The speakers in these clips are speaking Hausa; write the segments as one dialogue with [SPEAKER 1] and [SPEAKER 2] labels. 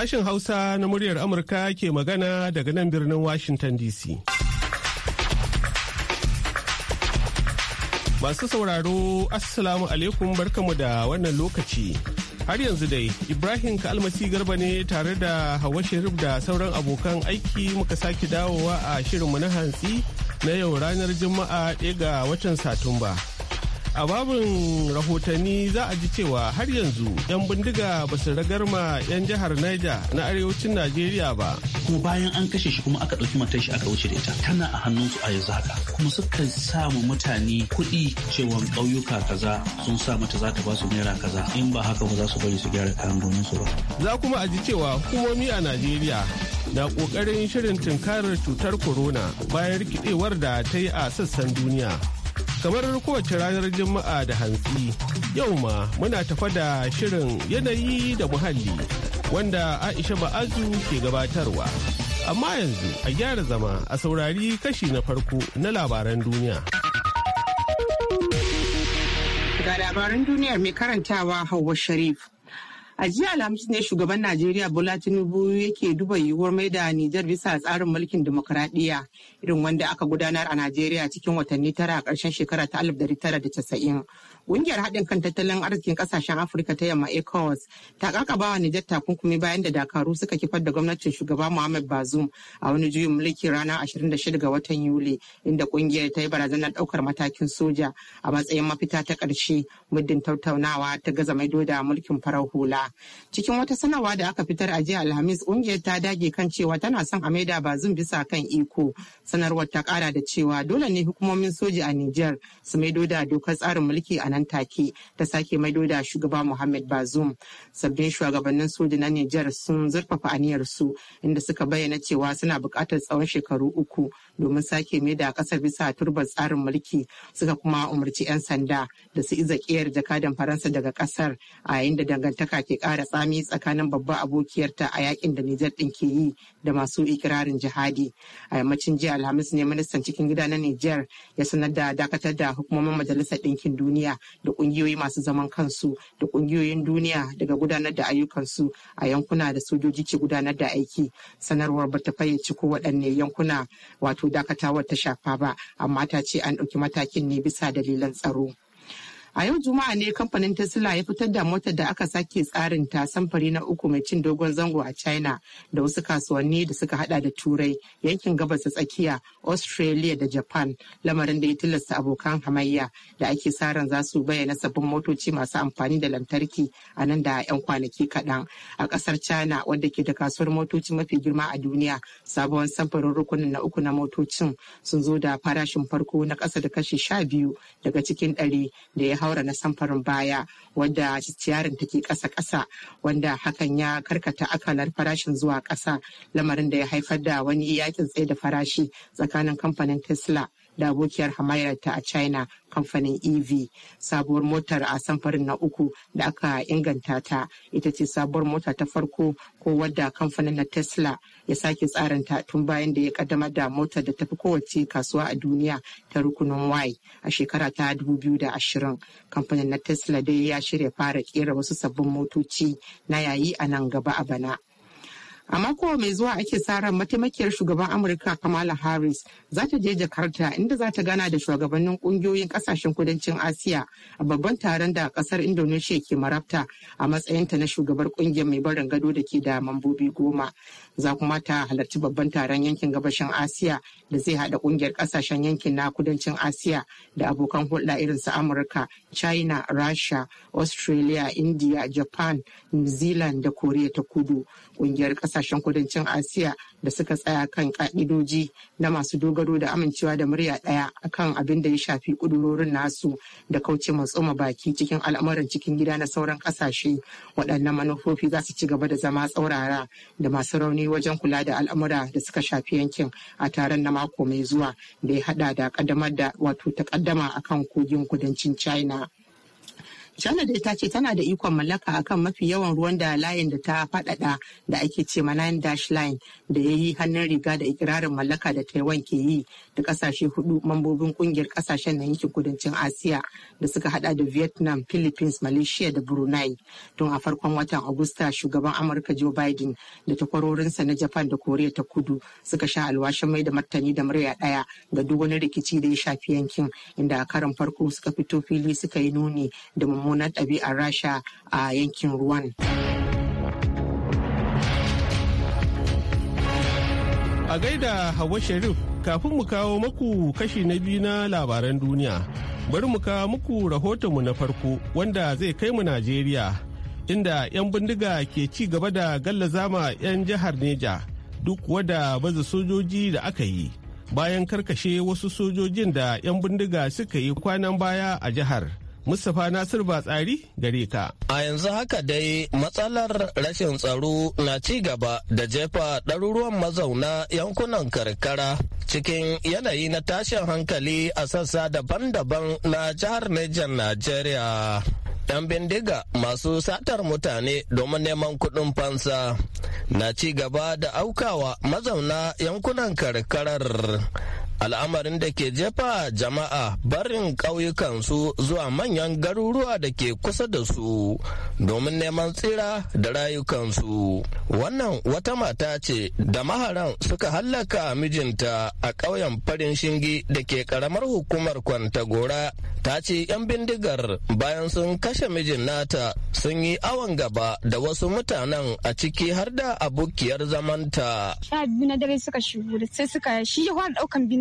[SPEAKER 1] Sashen Hausa na muryar Amurka ke magana daga nan birnin Washington DC. Masu sauraro, Assalamu alaikum barkamu da wannan lokaci. Har yanzu dai, Ibrahim Kalmasi Garba ne tare da Hawa Sharif da sauran abokan aiki muka sake dawowa a shirinmu na hantsi na yau ranar Juma'a ɗaya ga watan Satumba. a babin rahotanni za a ji cewa har yanzu 'yan bindiga ba su ragarma 'yan jihar Niger na arewacin Najeriya ba. Ko bayan an kashe shi kuma aka ɗauki matan shi aka wuce da ita tana a hannunsu a yanzu haka. Kuma suka samu mutane kuɗi cewa ƙauyuka kaza sun sa mata za ta ba su naira kaza in ba haka ba za su bari su gyara kayan gonan su ba. Za kuma a ji cewa hukumomi a Najeriya na ƙoƙarin shirin tunkarar cutar corona bayan rikidewar da ta yi a sassan duniya. kamar kowace ranar juma'a da hantsi yau ma muna tafa da shirin yanayi da muhalli wanda aisha ba'azu ke gabatarwa amma yanzu a gyara zama a saurari kashi na farko na labaran duniya
[SPEAKER 2] ga labaran duniyar mai karantawa hauwa sharif A jiya Alhamis ne shugaban Najeriya Bola Tinubu yake duba yiwuwar da Nijar bisa tsarin mulkin demokuraɗiyya irin wanda aka gudanar a Najeriya cikin watanni tara a ƙarshen shekara ta alif dari tara da casa'in. Ƙungiyar haɗin kan tattalin arzikin ƙasashen Afirka ta yamma ECOWAS ta ƙaƙabawa Nijar takunkumi bayan da dakaru suka kifar da gwamnatin shugaba Muhammad Bazum a wani juyin mulki ranar shida ga watan Yuli inda ƙungiyar ta yi barazanar ɗaukar matakin soja a matsayin mafita ta ƙarshe muddin tattaunawa ta gaza maido da mulkin farar hula. Cikin wata sanarwa da aka fitar a jiya Alhamis kungiyar ta dage kan cewa tana son a maida bazum bisa kan iko. Sanarwar ta kara da cewa dole ne hukumomin soji a Niger su maido da dokar tsarin mulki a nan take ta sake maido da shugaba Muhammad Bazum. Sabbin shugabannin soji na Niger sun zurfafa aniyar su inda suka bayyana cewa suna buƙatar tsawon shekaru uku domin sake mai da ƙasa bisa turbar tsarin mulki suka kuma umarci 'yan sanda da su iza kiyar jakadan faransa daga ƙasar a yayin da dangantaka ke ƙara tsami tsakanin babbar abokiyarta a yakin da nijar ɗin ke yi da masu ikirarin jihadi a yammacin jiya alhamis ne ministan cikin gida na nijar ya sanar da dakatar da hukumomin majalisar ɗinkin duniya da ƙungiyoyi masu zaman kansu da ƙungiyoyin duniya daga gudanar da ayyukansu a yankuna da sojoji ke gudanar da aiki sanarwar ba ta fayyace ko waɗanne yankuna wato dakatawar ta shafa ba amma ta ce an ɗauki matakin ne bisa dalilan tsaro. A yau Juma'a ne kamfanin Tesla ya fitar da motar da aka sake tsarin ta samfari na uku mai cin dogon zango a China da wasu kasuwanni da suka hada da Turai, yankin gabas ta tsakiya, Australia da Japan, lamarin da ya tilasta abokan hamayya da ake saran za su bayyana sabbin motoci masu amfani da lantarki a nan da 'yan kwanaki kaɗan. A ƙasar China wadda ke da kasuwar motoci mafi girma a duniya, sabon samfarin rukunin na uku na motocin sun zo da farashin farko na kasa da kashi sha biyu daga cikin ɗari da ya haura na samfarin baya wanda ciyarin take ƙasa-ƙasa wanda hakan ya karkata akalar farashin zuwa ƙasa lamarin da ya haifar da wani yakin tsaye da farashi tsakanin kamfanin tesla da abokiyar hamayarta a china kamfanin ev sabuwar motar a samfarin na uku da aka inganta ta ita ce sabuwar mota ta farko ko wadda kamfanin na tesla ya sake tsaranta tun bayan da ya kaddama da motar da tafi kowace kasuwa a duniya ta rukunin y a shekara ta 2020 kamfanin na tesla dai ya shirya fara kera wasu sabbin motoci na yayi a nan gaba a bana A mako mai zuwa ake sa ran mataimakiyar shugaban Amurka Kamala Harris za ta je Jakarta inda za ta gana da shugabannin kungiyoyin kasashen kudancin Asiya a babban taron da kasar Indonesia ke marabta a matsayinta na shugabar kungiyar mai barin gado da ke da mambobi goma. Za kuma ta halarci babban taron yankin gabashin Asiya da zai haɗa kungiyar kasashen yankin na kudancin Asiya da abokan hulɗa irin su Amurka, China, rasha Australia, India, Japan, New Zealand da Korea ta kudu. Kungiyar kasashen kasashen kudancin asiya da suka tsaya kan ka'idoji na masu dogaro da amincewa da murya ɗaya akan abin da ya shafi kudurorin nasu da kauce tsoma baki cikin al'amuran cikin gida na sauran kasashe waɗannan manufofi za su ci gaba da zama tsaurara da masu rauni wajen kula da al'amura da suka shafi yankin a taron na mako mai zuwa da ya hada da kaddamar da wato takaddama akan kogin kudancin china China dai ta ce tana da ikon mallaka akan mafi yawan ruwan da layin da ta faɗaɗa da ake ce ma Nine Dash Line da ya yi hannun riga da ikirarin mallaka da Taiwan ke yi da ƙasashe hudu mambobin ƙungiyar ƙasashen na yankin kudancin Asiya da suka haɗa da Vietnam, Philippines, Malaysia da Brunei. Tun a farkon watan Agusta shugaban Amurka Joe Biden da takwarorinsa na Japan da Koriya ta Kudu suka sha alwashin mai da martani da murya ɗaya ga duk wani rikici da ya shafi yankin inda a karon farko suka fito fili suka yi nuni da mummunan ɗabi'ar rasha a yankin ruwan
[SPEAKER 1] a gaida hawa sharif kafin mu kawo maku kashi na biyu na labaran duniya bari mu kawo muku rahotonmu na farko wanda zai kai mu najeriya inda 'yan bindiga ke ci gaba da gallazama 'yan jihar neja duk wada baza sojoji da aka yi bayan karkashe wasu sojojin da 'yan bindiga suka yi kwanan baya a jihar Mustapha Nasir tsari gare ka. A yanzu haka dai matsalar
[SPEAKER 3] rashin tsaro na ci gaba da jefa ɗaruruwan mazauna yankunan karkara cikin yanayi na tashin hankali a sassa daban-daban na jihar Nijar Najeriya. 'yan bindiga masu satar mutane domin neman kuɗin fansa na ci gaba da aukawa mazauna yankunan karkarar al'amarin da ke jefa jama'a barin ƙauyukansu zuwa manyan garuruwa da ke kusa da su domin neman tsira da rayukansu wannan wata mata ce da maharan suka hallaka mijinta a ƙauyen farin shingi da ke ƙaramar hukumar kwantagora ta ce 'yan bindigar bayan sun kashe mijin nata sun yi awon gaba da wasu mutanen a ciki har da abokiyar zamanta.
[SPEAKER 4] sai
[SPEAKER 5] suka shi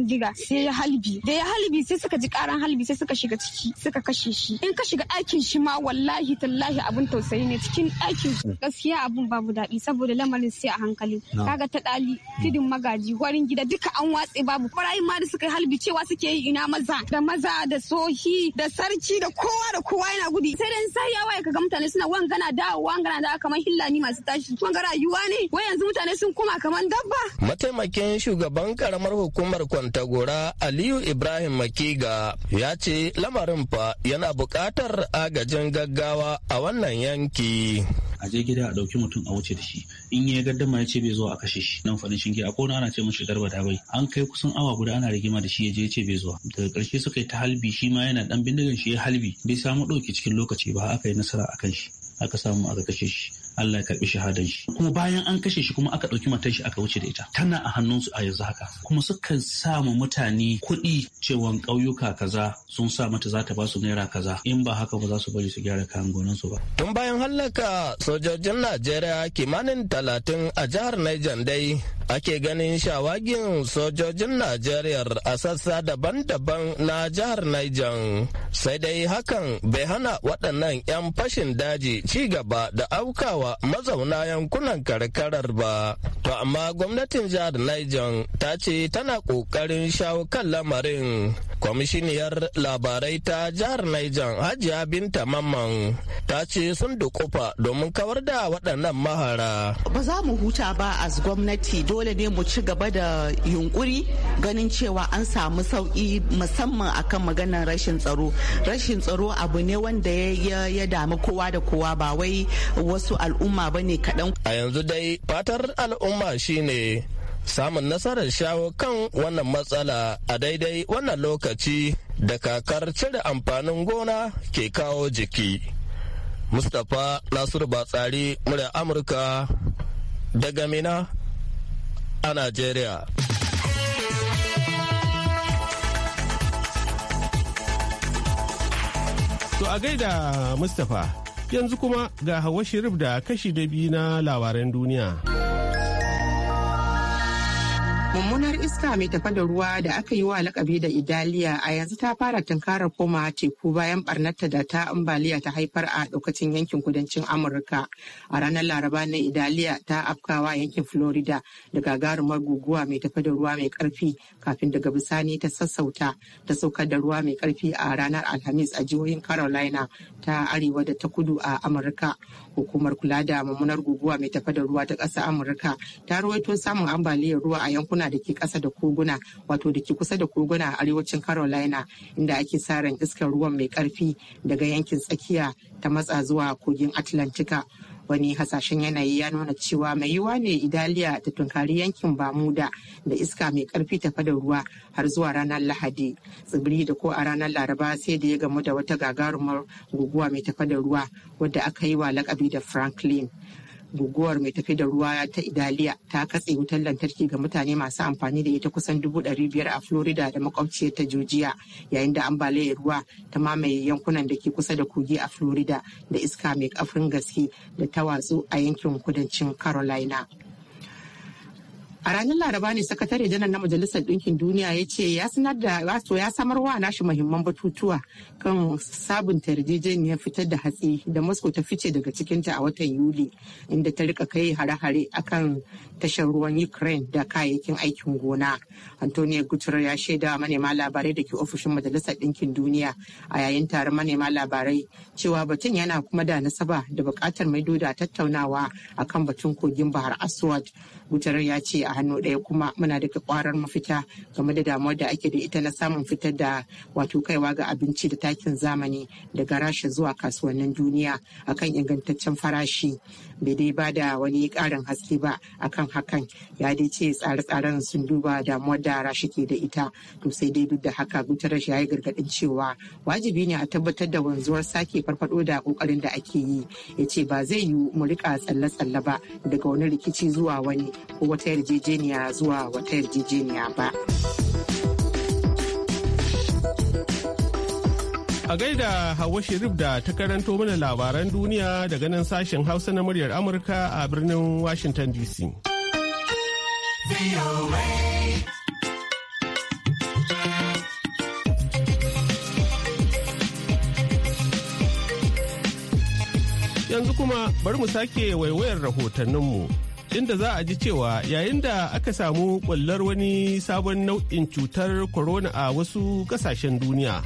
[SPEAKER 5] bindiga sai ya halbi da ya halbi sai suka ji karan halbi sai suka shiga ciki suka kashe shi in ka shiga aikin shi ma wallahi tallahi abun tausayi ne cikin aikin gaskiya abun babu daɗi saboda lamarin sai a hankali kaga ta ɗali tudun magaji warin gida duka an watse babu barayin ma da suka yi halbi cewa suke yi ina maza da maza da sohi da sarki da kowa da kowa yana gudu sai dan sai ya waye kaga mutane suna wangana dawowa wangana da kamar hillani masu tashi a rayuwa ne wai yanzu mutane sun koma kamar dabba
[SPEAKER 3] mataimakin shugaban karamar hukumar kwanta gora aliyu ibrahim makiga ya ce lamarin fa yana buƙatar agajin gaggawa a wannan yanki a je gida a ɗauki
[SPEAKER 5] mutum a wuce da shi
[SPEAKER 1] in ya gaddama ya ce bai zuwa a kashe shi nan faɗin shinge a kona ana ce mashi garba da bai an kai kusan awa guda ana rigima da shi ya je ya ce bai zuwa daga ƙarshe suka yi ta halbi shi ma yana ɗan bindigan shi ya halbi bai samu ɗauki cikin lokaci ba aka yi nasara a kan shi aka samu aka kashe shi Allah ya karbi shahadan shi kuma bayan an kashe shi kuma aka ɗauki matan shi aka wuce da ita tana a hannunsu a yanzu haka kuma suka sa ma mutane kuɗi cewan ƙauyuka kaza sun sa mata za ta ba su naira kaza in ba haka ba za su bari su gyara kayan su ba.
[SPEAKER 3] Tun bayan hallaka sojojin Najeriya kimanin talatin a jihar Niger dai ake ganin shawagin sojojin Najeriya a sassa daban-daban na jihar Niger. Sai dai hakan bai hana waɗannan 'yan fashin daji ci gaba da aukawa mazauna yankunan karkarar ba. To amma gwamnatin jihar Niger ta ce tana ƙoƙarin shawo kan lamarin. Kwamishiniyar labarai ta jihar Niger Hajiya Binta Mamman ta ce sun dukufa domin kawar da waɗannan mahara.
[SPEAKER 5] Ba za mu huta ba a gwamnati dole ne mu ci gaba da yunkuri ganin cewa an samu sauki musamman akan maganar rashin tsaro rashin tsaro abu ne wanda ya damu kowa da kowa ba wai wasu al'umma ba ne kaɗan
[SPEAKER 3] a yanzu dai fatar al'umma shine samun nasarar shawo kan wannan matsala a daidai wannan lokaci da kakar cire amfanin gona ke kawo jiki mustapha nasiru batsari murya amurka daga mina a Najeriya.
[SPEAKER 1] To a gaida Mustapha yanzu kuma ga Hawa Shirif da kashi da biyu na labaran duniya.
[SPEAKER 2] mummunar iska mai tafa da ruwa da aka yi wa lakabi da idaliya a yanzu ta fara tunkarar koma teku bayan barnarta da ta ambaliya ta haifar a daukacin yankin kudancin amurka a ranar laraba na idaliya ta afkawa yankin florida da gagarumar guguwa mai tafa da ruwa mai karfi kafin daga bisani ta sassauta ta saukar da ruwa mai karfi a ranar alhamis a jihohin carolina ta arewa da ta kudu a amurka hukumar kula da mummunar guguwa mai tafa da ruwa ta ƙasa amurka ta ruwaito samun ambaliyar ruwa a yankunan tekuna da ke kasa da koguna wato da ke kusa da koguna a arewacin Carolina inda ake sa ran iskar ruwan mai karfi daga yankin tsakiya ta matsa zuwa kogin Atlantika. wani hasashen yanayi ya nuna cewa mai yiwa ne idaliya ta tunkari yankin bamuda da iska mai karfi tafa da ruwa har zuwa ranar lahadi tsibiri da ko a ranar laraba sai da ya gamu da wata gagarumar guguwa mai tafa da ruwa wadda aka yi wa lakabi da franklin guguwar mai tafi da ruwa ta idaliya ta katse wutar lantarki ga mutane masu amfani da ita kusan dubu ɗari biyar a florida da makwabciyar ta georgia yayin da ambaliyar ruwa ta mamaye yankunan da ke kusa da kogi a florida da iska mai kafin gaske da ta watsu a yankin kudancin carolina A ranar Laraba ne sakatare janar na Majalisar Ɗinkin Duniya ya ce ya sanar da wato ya samar wa nashi muhimman batutuwa kan sabunta yarjejeniyar fitar da hatsi da Moscow ta fice daga cikinta a watan Yuli inda ta rika kai hare-hare akan tashar ruwan Ukraine da kayayyakin aikin gona. Antonio Guterres ya shaida manema labarai da ke ofishin Majalisar Ɗinkin Duniya a yayin taron manema labarai cewa batun yana kuma da nasaba da buƙatar maido da tattaunawa akan batun kogin Bahar Aswad gujarar ya ce a hannu ɗaya kuma muna da kwarar mafita game da damuwar da ake da ita na samun fitar da wato kaiwa ga abinci da takin zamani daga rasha zuwa kasuwannin duniya akan ingantaccen farashi bai dai ba da wani karin haske ba akan hakan ya dai ce tsare-tsaren sun duba damuwar da rasha ke da ita to sai dai duk da haka gutarar ya yi gargaɗin cewa wajibi ne a tabbatar da wanzuwar sake farfado da ƙoƙarin da ake yi ya ce ba zai yiwu mu rika tsalle-tsalle ba daga wani rikici zuwa wani ko wata yarjejeniya zuwa wata yarjejeniya ba.
[SPEAKER 1] A gaida Hawa Sharif da ta karanto mana labaran duniya daga nan sashen Hausa na muryar Amurka a birnin Washington DC. Yanzu kuma bari mu sake waiwayar rahotanninmu. inda za a ji cewa yayin da aka samu kwallar wani sabon nau'in cutar corona a wasu ƙasashen duniya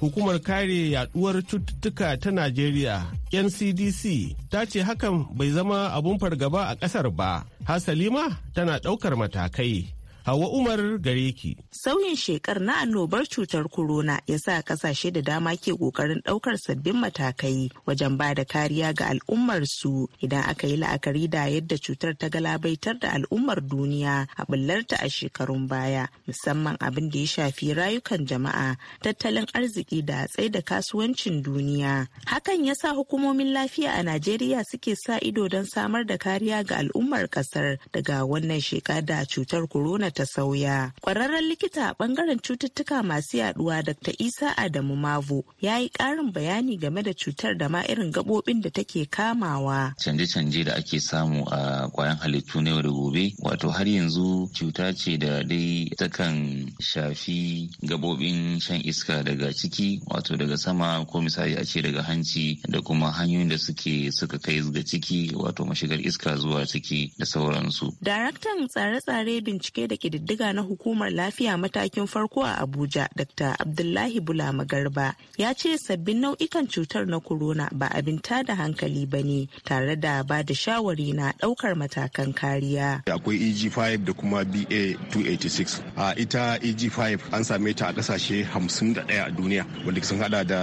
[SPEAKER 1] hukumar kare yaduwar cututtuka ta najeriya ncdc ta ce hakan bai zama abun fargaba a ƙasar ba hasalima tana ɗaukar matakai Hawa Umar gare ki.
[SPEAKER 5] Sauyin shekar na annobar cutar korona ya sa kasashe da dama ke kokarin daukar sabbin matakai wajen ba da kariya ga al'ummarsu idan aka yi la'akari da yadda cutar ta galabaitar da al'ummar duniya a bullarta a shekarun baya musamman abin da ya shafi rayukan jama'a tattalin arziki da tsaye da kasuwancin duniya. Hakan ya sa hukumomin lafiya a Najeriya suke sa ido don samar da kariya ga al'ummar ƙasar daga wannan shekara da cutar corona ta sauya. Kwararren likita a bangaren cututtuka masu yaduwa Dr. Isa Adamu Mavo ya yi ƙarin bayani game da cutar da ma irin gaɓoɓin da take kamawa. Canje-canje da ake samu a kwayan halittu na yau da gobe wato har yanzu cuta ce da dai takan shafi gaɓoɓin shan iska daga ciki wato daga sama ko misali a ce daga hanci da kuma hanyoyin da suke suka kai ga ciki wato mashigar iska zuwa ciki da sauransu. Daraktan tsare-tsare bincike da kididdiga na hukumar lafiya matakin farko a Abuja Dr. Abdullahi Bulama Garba ya ce sabbin nau'ikan cutar na corona ba abin tada hankali ba ne tare da ba da shawari na ɗaukar matakan kariya.
[SPEAKER 6] Akwai EG5 da kuma BA286. A ita EG5 an same ta a ƙasashe 51 a duniya wanda sun hada da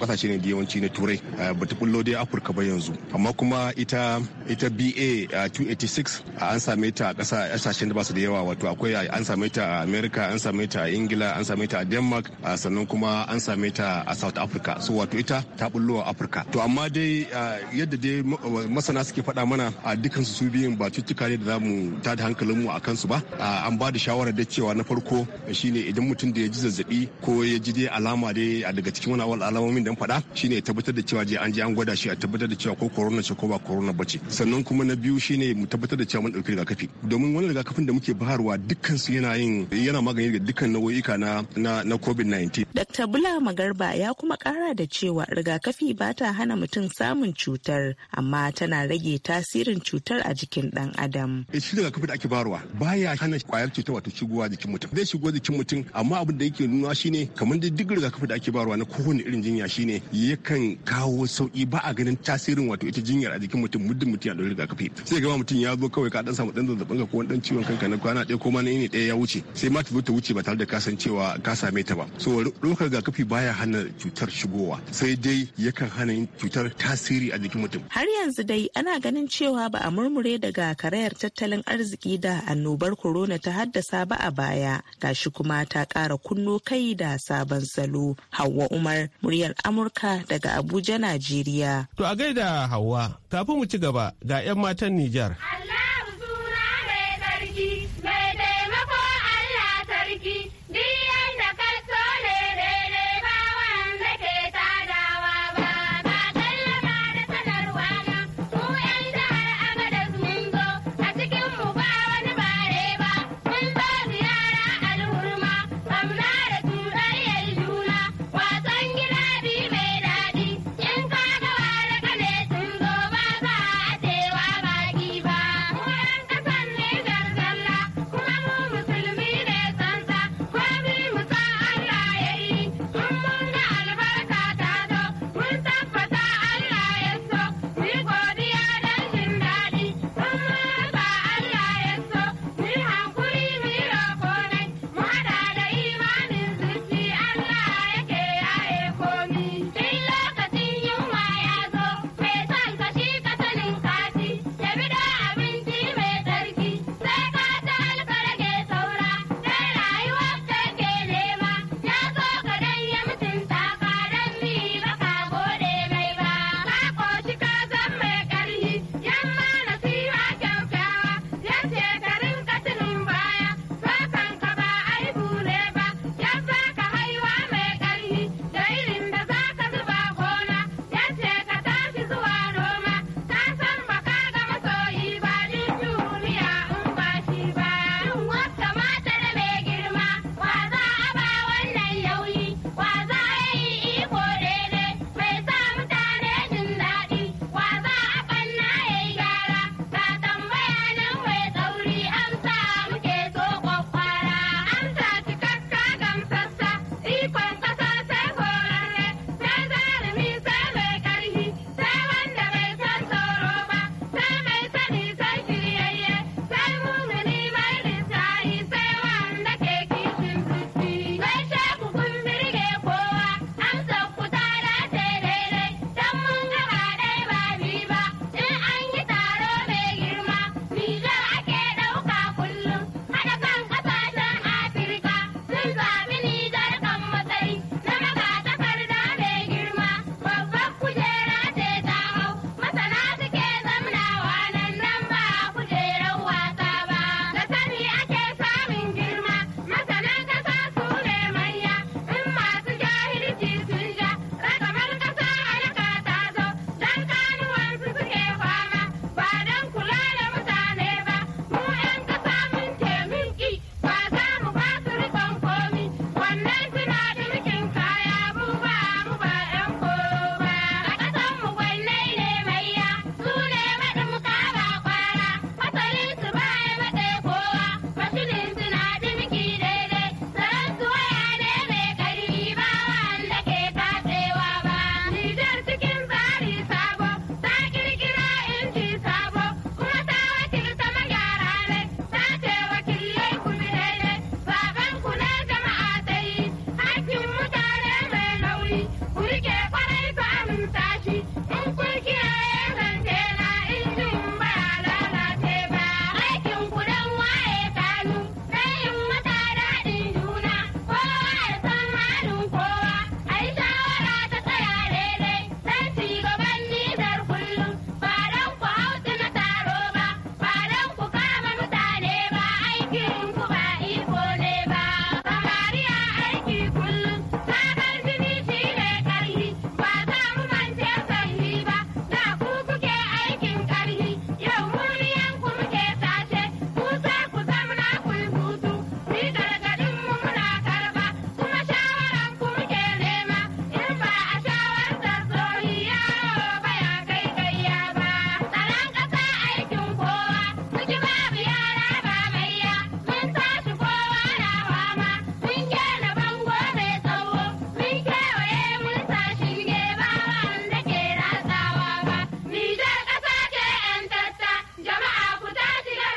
[SPEAKER 6] ƙasashe ne da yawanci na Turai ba ta kullo dai Afirka ba yanzu. Amma kuma ita ita BA286 an same ta a ƙasashen da ba su da yawa wato wato akwai an same ta a america an same ta a ingila an same ta a denmark sannan kuma an same ta a south africa so wato ita ta bullo a Africa. to amma dai yadda dai masana suke faɗa mana a dukkan su biyun ba cutuka ne da za mu ta da hankalin mu a kansu ba an ba da shawarar da cewa na farko shine idan mutum da ya ji zazzabi ko ya ji dai alama dai a daga cikin wani awal alamomin da an faɗa shine ya tabbatar da cewa je an je an gwada shi a tabbatar da cewa ko corona ce ko ba corona bace sannan kuma na biyu shine mu tabbatar da cewa mun ɗauki rigakafi domin wani rigakafin da muke bayarwa cewa su yana yin yana magani ga dukkan nau'ika na na covid-19
[SPEAKER 5] dr bula magarba ya kuma kara da cewa rigakafi ba ta hana mutum samun cutar amma tana rage tasirin cutar a jikin dan adam
[SPEAKER 6] eh, shi rigakafi da ake barwa baya hana kwayar cutar wato shigowa jikin mutum zai shigo jikin mutum amma abin da yake nuna shine kamar da duk rigakafi da ake barwa na kowane irin jinya shine yakan kawo sauki ba a ganin tasirin wato ita jinyar a jikin mutum muddin mutum ya dauki rigakafi sai ga mutum ya zo kawai ka dan samu dan zazzabin ka ko dan ciwon kanka na kwana ɗaya koma na ini ɗaya ya wuce sai ma ta ta wuce ba tare da cewa ka same ta ba so ɗaukar rigakafi baya hana cutar shigowa sai dai yakan hana cutar tasiri a jikin mutum
[SPEAKER 5] har yanzu dai ana ganin cewa ba a murmure daga karayar tattalin arziki da annobar corona ta haddasa ba a baya gashi kuma ta ƙara kunno kai da sabon salo hawa umar muryar amurka daga abuja najeriya
[SPEAKER 1] to a gaida hawa kafin mu ci gaba ga 'yan matan
[SPEAKER 7] nijar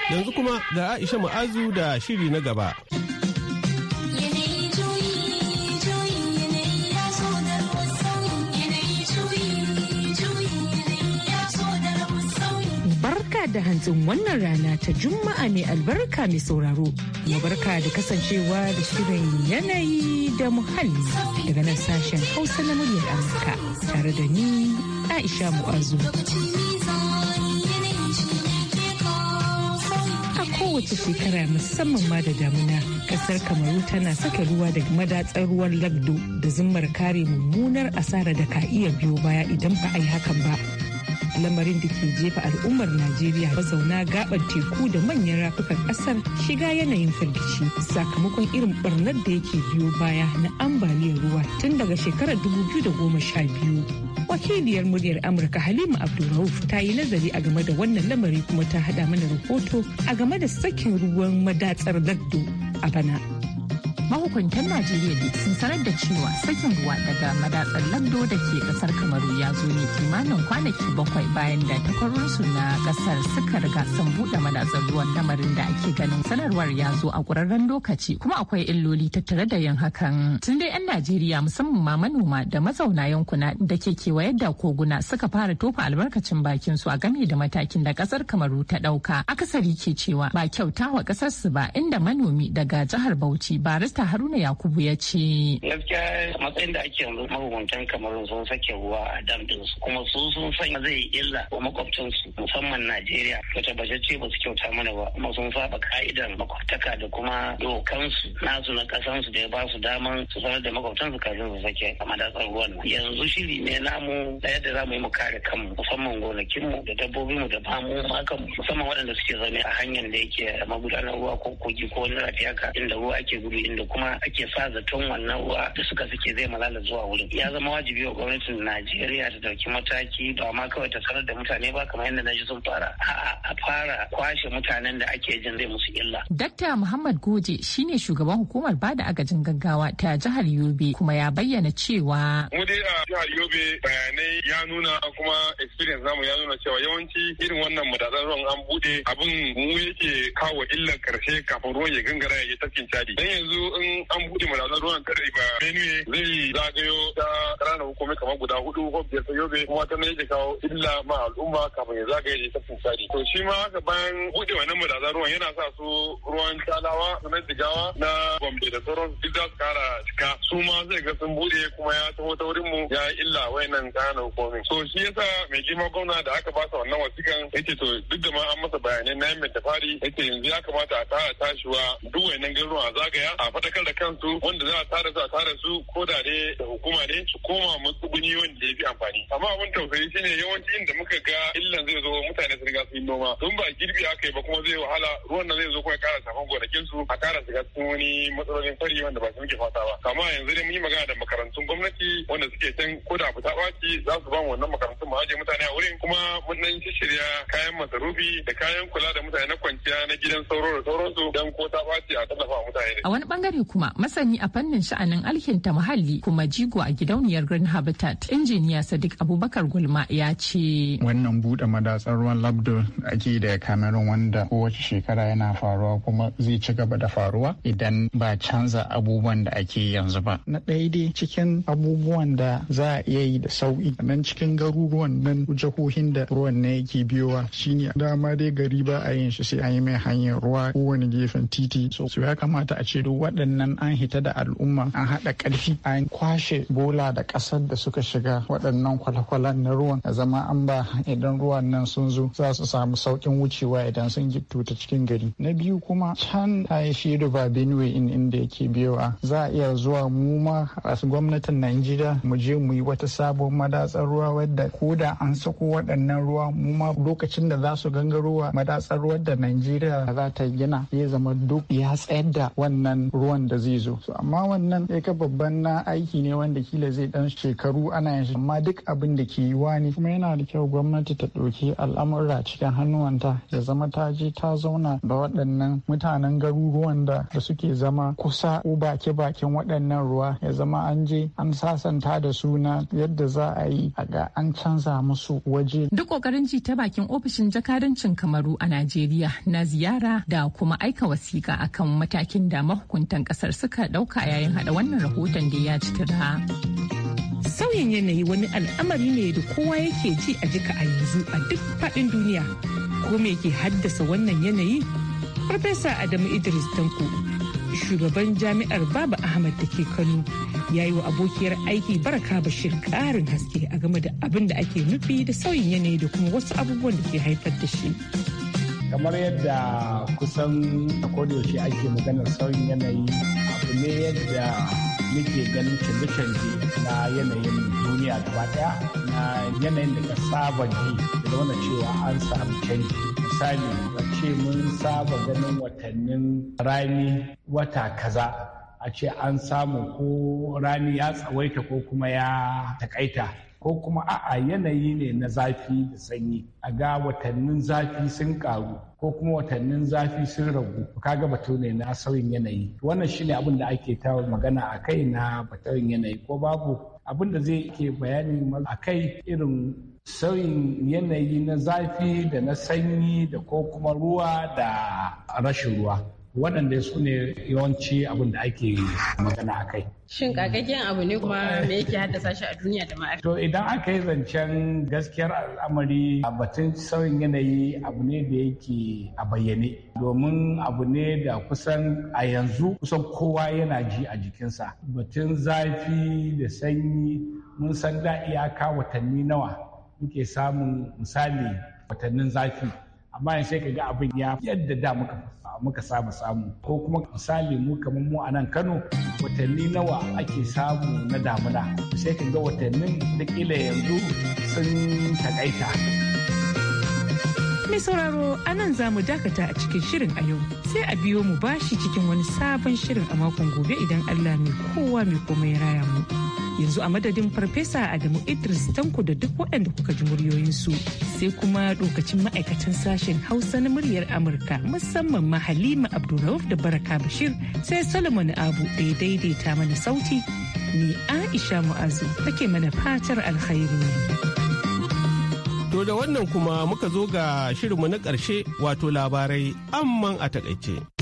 [SPEAKER 7] Yanzu
[SPEAKER 1] kuma ga Aisha Ma'azu da shiri na gaba.
[SPEAKER 8] Barka da hantsin wannan rana ta Juma'a mai albarka mai sauraro. Mu barka da kasancewa da shirin yanayi da muhalli daga nan sashen Hausa na muryar Amurka tare da ni Aisha Mu'azu. kowace shekara musamman ma da damuna kasar kamaru tana sake ruwa da madatsar ruwan lagdo da zimmar kare mummunar asara da ka iya biyo baya idan ba a yi hakan ba lamarin da ke jefa al'ummar najeriya mazauna gabar teku da manyan rafukan kasar shiga yanayin firgici sakamakon irin barnar da yake biyo baya na ambaliyar ruwa tun daga shekarar 2012 wakiliyar muryar amurka halima abdulrauf ta yi nazari a game da wannan lamari kuma ta hada mana rahoto a game da sakin ruwan madatsar lardo a bana
[SPEAKER 9] mahukuntan najeriya ne sun sanar da cewa sakin ruwa daga madatsar lando da ke kasar kamaru ya zo ne kimanin kwanaki bakwai bayan da takwarorinsu na kasar suka riga sun buɗe madatsar ruwan lamarin da ake ganin sanarwar ya zo a ƙurarren lokaci kuma akwai illoli tattare da yin hakan tun dai 'yan najeriya musamman ma manoma da mazauna yankuna da ke kewaye da koguna suka fara tofa albarkacin bakin su a game da matakin da kasar kamaru ta ɗauka akasari ke cewa ba kyautawa kasar su ba inda manomi daga jihar bauchi baris Barista Haruna Yakubu ya ce.
[SPEAKER 7] Gaskiya matsayin da ake yanzu mahukuntan kamar sun sake
[SPEAKER 2] ruwa a dambin su kuma su sun san zai illa wa makwabcin su musamman Najeriya to tabbatacce ba su kyauta mana ba kuma sun saba ka'idan makwabtaka da kuma dokansu nasu
[SPEAKER 4] na kasansu da ya ba su daman su sanar da makwabtan su kafin su sake a madatsar ruwan yanzu shiri ne namu
[SPEAKER 2] da yadda za mu yi mu kare
[SPEAKER 4] kanmu musamman gonakinmu da dabbobinmu da bamu makan
[SPEAKER 2] musamman waɗanda suke zaune a hanyar da yake magudanar ruwa ko kogi ko wani rafi haka inda ruwa ake gudu inda kuma ake sa zaton wannan uwa. da suka suke zai malala zuwa wurin ya zama wajibi wa gwamnatin najeriya ta dauki mataki ba ma kawai ta sanar da mutane ba kamar yadda naji sun fara a'a
[SPEAKER 4] a fara kwashe mutanen da ake jin zai musu illa
[SPEAKER 9] dakta muhammad goje shine shugaban hukumar bada agajin gaggawa ta jihar yobe kuma ya bayyana cewa mu
[SPEAKER 4] dai a jihar yobe bayanai ya nuna kuma experience namu ya nuna cewa yawanci irin wannan madatsar ruwan an bude abin mu yake kawo illar karshe kafin ruwan ya gangara ya tafkin cadi dan yanzu in an buɗe madatsun ruwan kare ba benue zai zagayo ta ƙananan hukumomi kamar guda hudu ko biyar ta yobe kuma ta nan yake kawo illa ma al'umma kafin ya zagaye ta fusari to shi ma haka bayan buɗe wannan madatsun ruwan yana sa su ruwan talawa na jigawa na gombe da sauran duk za su kara cika su ma zai ga sun buɗe kuma ya taho ta wurin mu ya illa wayannan ƙananan hukumi to shi yasa mai girma gwamna da aka ba sa wannan wasikan yake to duk da ma an masa bayanai na yamma da fari yake yanzu ya kamata a tara tashiwa duk wayannan garuruwa zagaya a faɗakar da kansu wanda za a tara su a tara su ko da ne da hukuma ne su koma matsuguni wanda ya fi amfani amma abin tausayi shine yawanci inda muka ga illan zai zo mutane su riga sun yi noma tun ba girbi aka yi ba kuma zai wahala ruwan nan zai zo kuma kara safan gonakin su a kara shiga cikin wani matsalolin fari wanda ba su muke fata ba kama yanzu dai mun yi magana da makarantun gwamnati wanda suke can ko da fita ɓaci za su ba mu wannan makarantun mu aje mutane a wurin kuma mun dan shirya kayan masarufi
[SPEAKER 9] da kayan kula da mutane na kwanciya na gidan sauro da sauransu don ko ta ɓaci a tallafa mutane. A wani bangare bangare kuma masani a fannin sha'anin alkinta muhalli kuma jigo a gidauniyar Green Habitat injiniya Sadiq Abubakar Gulma ya ce.
[SPEAKER 10] Wannan buɗe madatsar ruwan labdo ake da kamerun wanda kowace shekara yana faruwa kuma zai ci gaba da faruwa idan ba canza abubuwan da ake yanzu ba. Na ɗaya dai cikin abubuwan da za a iya yi da sauƙi nan cikin garuruwan nan jihohin da ruwan na yake biyowa shine dama dai gari ba a yin shi sai an yi mai hanyar ruwa kowane gefen titi. So ya kamata a ce duk waɗanda ɗin nan an hita da al'umma an haɗa ƙarfi an kwashe bola da ƙasar da suka shiga waɗannan kwalakwalan na ruwan a zama an ba idan ruwan nan sun zo za su samu sauƙin wucewa idan sun gittu ta cikin gari na biyu kuma can ta yi shi riba benue in inda yake biyowa za a iya zuwa mu ma a gwamnatin najeriya mu je mu yi wata sabon madatsar ruwa wadda ko da an sako waɗannan ruwa mu ma lokacin da za su gangarowa madatsar ruwa da najeriya za ta gina ya zama duk ya tsayar da wannan ruwan da zai zo amma wannan ya ka babban na aiki ne wanda kila zai dan shekaru ana yin amma duk abin da ke yiwa ne kuma yana da kyau gwamnati ta ɗauki al'amura cikin hannuwanta ya zama ta je ta zauna da waɗannan mutanen garuruwan da suke zama kusa ko baki bakin waɗannan ruwa ya zama an je an sasanta da suna yadda za a yi a ga an canza musu waje.
[SPEAKER 9] Duk ƙoƙarin ji ta bakin ofishin jakadancin Kamaru a Najeriya na ziyara da kuma aika wasiƙa akan matakin da mahukunta gwamnatin kasar suka dauka yayin hada wannan rahoton da ya ci tirha. Sauyin yanayi wani al'amari ne da kowa yake ji a jika a yanzu a duk faɗin duniya. Ko me ke
[SPEAKER 8] haddasa wannan yanayi? Farfesa Adamu Idris Danko, shugaban jami'ar babu Ahmad da ke Kano, ya yi wa abokiyar aiki baraka bashir ƙarin haske a game da abin da ake nufi da sauyin yanayi da kuma wasu abubuwan da ke haifar da shi.
[SPEAKER 11] kamar yadda kusan a kodayaushe ake maganar sauyin yanayi abu ne yadda muke ganin canje-canje na yanayin duniya gaba daya na yanayin da ka saba ji da zama cewa an samu canji misali a ce mun saba ganin watannin rani wata kaza a ce an samu ko rani ya tsawaita ko kuma ya takaita ko kuma a'a yanayi ne na zafi da sanyi a ga watannin zafi sun karu ko kuma watannin zafi sun ragu kaga batu ne na sauyin yanayi wannan shine abin da ake ta magana a kai na batun yanayi ko babu abin da zai ke bayani a kai irin sauyin yanayi na zafi da na sanyi da ko kuma ruwa da rashin ruwa waɗanda su ne yawanci abin da ake magana a kai
[SPEAKER 2] Shin kagaggen abu ne kuma me yake haddasa shi a duniya da ma'aikata? To idan
[SPEAKER 11] aka yi zancen gaskiyar al'amari a batun sauyin yanayi abu ne da yake a bayyane. Domin abu ne da kusan a yanzu kusan kowa yana ji a jikinsa. Batun zafi da sanyi mun san da iyaka watanni nawa muke samun misali watannin zafi. Amma yanzu sai ka ga abin ya yadda da muka muka saba samu ko kuma misali mu kamar mu a nan Kano watanni nawa ake samu na damuna sai ka ga watannin da kila yanzu sun takaita.
[SPEAKER 8] Mai sauraro a nan za mu dakata a cikin shirin a yau sai a biyo mu bashi cikin wani sabon shirin a makon gobe idan Allah mai kowa mai komai raya mu. yanzu a madadin farfesa adamu idris tanko da duk waɗanda kuka ji muryoyinsu sai kuma lokacin ma'aikatan sashen hausa na muryar amurka musamman ma halima abdulrauf da baraka bashir sai solomon abu da ya daidaita mana sauti ni aisha mu'azu take mana fatar alkhairi
[SPEAKER 1] to da wannan kuma muka zo ga shirinmu na ƙarshe wato labarai amman a takaice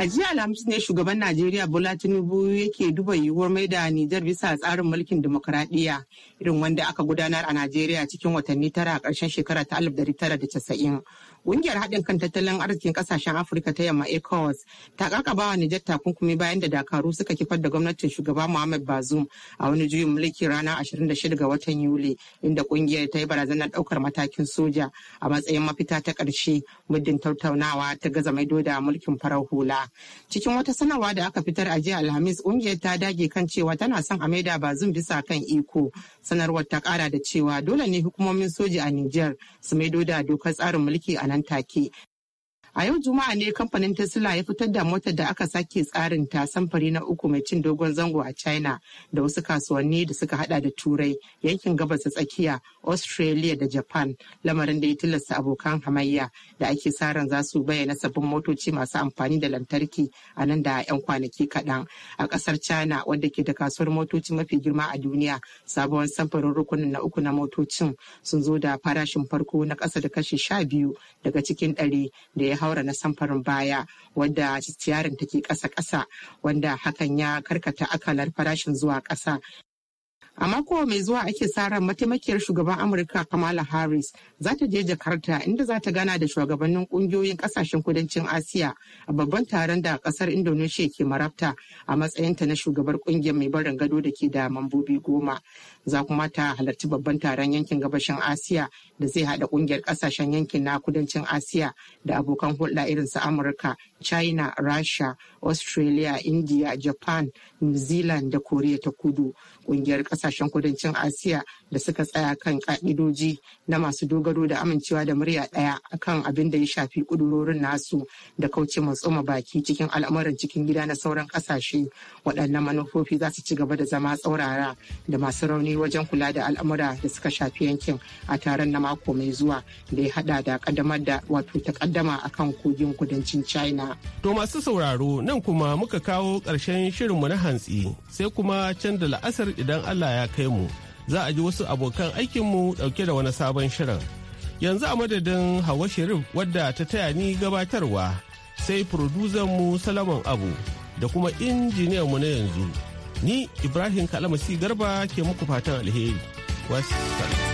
[SPEAKER 2] A jiya Alhamis ne shugaban Najeriya Bola Tinubu yake duba yiwuwar maida Nijar bisa tsarin mulkin demokuraɗiyya irin wanda aka gudanar a Najeriya cikin watanni tara a ƙarshen shekara ta alif da dari tara casa'in Ƙungiyar haɗin kan tattalin arzikin ƙasashen Afirka ta yamma ECOWAS ta ƙaƙabawa Nijar takunkumi bayan da dakaru suka kifar da gwamnatin shugaba Muhammad Bazum a wani juyin mulki ranar shida ga watan Yuli inda ƙungiyar ta yi barazanar ɗaukar matakin soja a matsayin mafita ta ƙarshe muddin tattaunawa ta gaza maido da mulkin farar hula. Cikin wata sanarwa da aka fitar a jiya Alhamis ƙungiyar ta dage kan cewa tana son a maida bazum bisa kan iko. Sanarwar ta kara da cewa dole ne hukumomin soji a Nijar su maido da dokar tsarin mulki a nan take A yau Juma'a ne kamfanin Tesla ya fitar da motar da aka sake tsarin ta samfari na uku mai cin dogon zango a China da wasu kasuwanni da suka hada da Turai, yankin gabas tsakiya, Australia da Japan, lamarin da ya tilasta abokan hamayya da ake saran za su bayyana sabbin motoci masu amfani da lantarki a nan da 'yan kwanaki kaɗan. A ƙasar China wadda ke da kasuwar motoci mafi girma a duniya, sabon samfarin rukunin na uku na motocin sun zo da farashin farko na kasa da kashi sha biyu daga cikin ɗari da ya haura na samfarin baya wadda tiyarin take ƙasa-ƙasa wanda hakan ya karkata akalar farashin zuwa ƙasa a mako mai zuwa ake sa mataimakiyar shugaban amurka kamala harris za ta je jakarta inda za ta gana da shugabannin kungiyoyin kasashen kudancin asiya a babban taron da kasar indonesia ke marabta a matsayinta na shugabar kungiyar mai barin gado da ke da mambobi goma za kuma ta halarci babban taron yankin gabashin asiya da zai haɗa ƙungiyar ƙasashen yankin na kudancin asiya da abokan hulɗa irin su amurka china rasha australia india japan new zealand da korea ta kudu ƙungiyar ƙasashen kudancin asiya da suka tsaya kan ƙa'idoji na masu dogaro da amincewa da murya ɗaya akan abin da ya shafi ƙudurorin nasu da kauce tsoma baki cikin al'amuran cikin gida na sauran ƙasashe waɗannan manufofi za su ci gaba da zama tsaurara da masu rauni wajen kula da al'amura da suka shafi yankin a taron na mako mai zuwa da ya hada da kaddamar da wato takaddama akan kogin kudancin china to masu
[SPEAKER 1] sauraro nan kuma muka kawo ƙarshen shirinmu na hantsi sai kuma can da la'asar idan allah ya kai mu za a ji wasu abokan aikinmu ɗauke da wani sabon shirin yanzu a madadin hawa sharif wadda ta taya ni gabatarwa sai mu salaman abu da kuma injiniyanmu na yanzu Ni Ibrahim Kalamasi Garba ke muku fatan alheri. Wasu